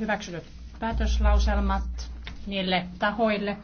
hyväksytyt päätöslauselmat niille tahoille,